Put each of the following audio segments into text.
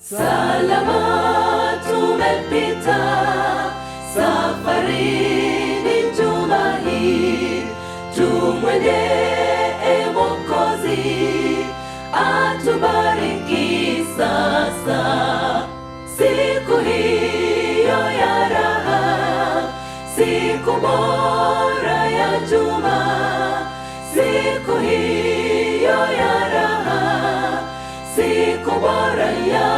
Salama tumepita safari ni juma hii, tumwende e Mwokozi atubariki sasa, siku hiyo ya raha, siku bora ya juma, siku hiyo ya raha, siku bora ya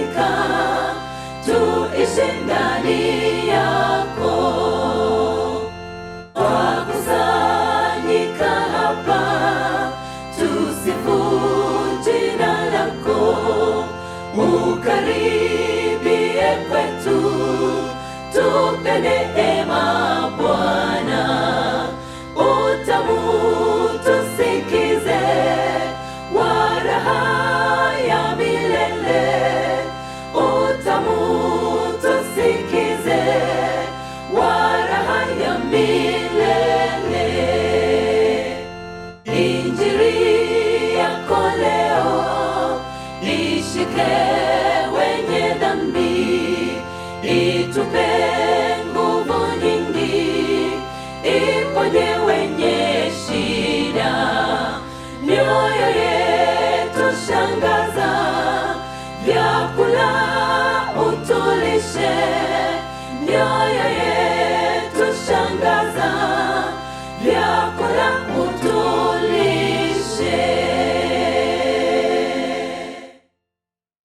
niishi ndani yako, twakusanyika hapa tusifu jina lako, ukaribie kwetu, tupe neema Usitupe nguvu nyingi, iponye wenye shida mioyo yetu.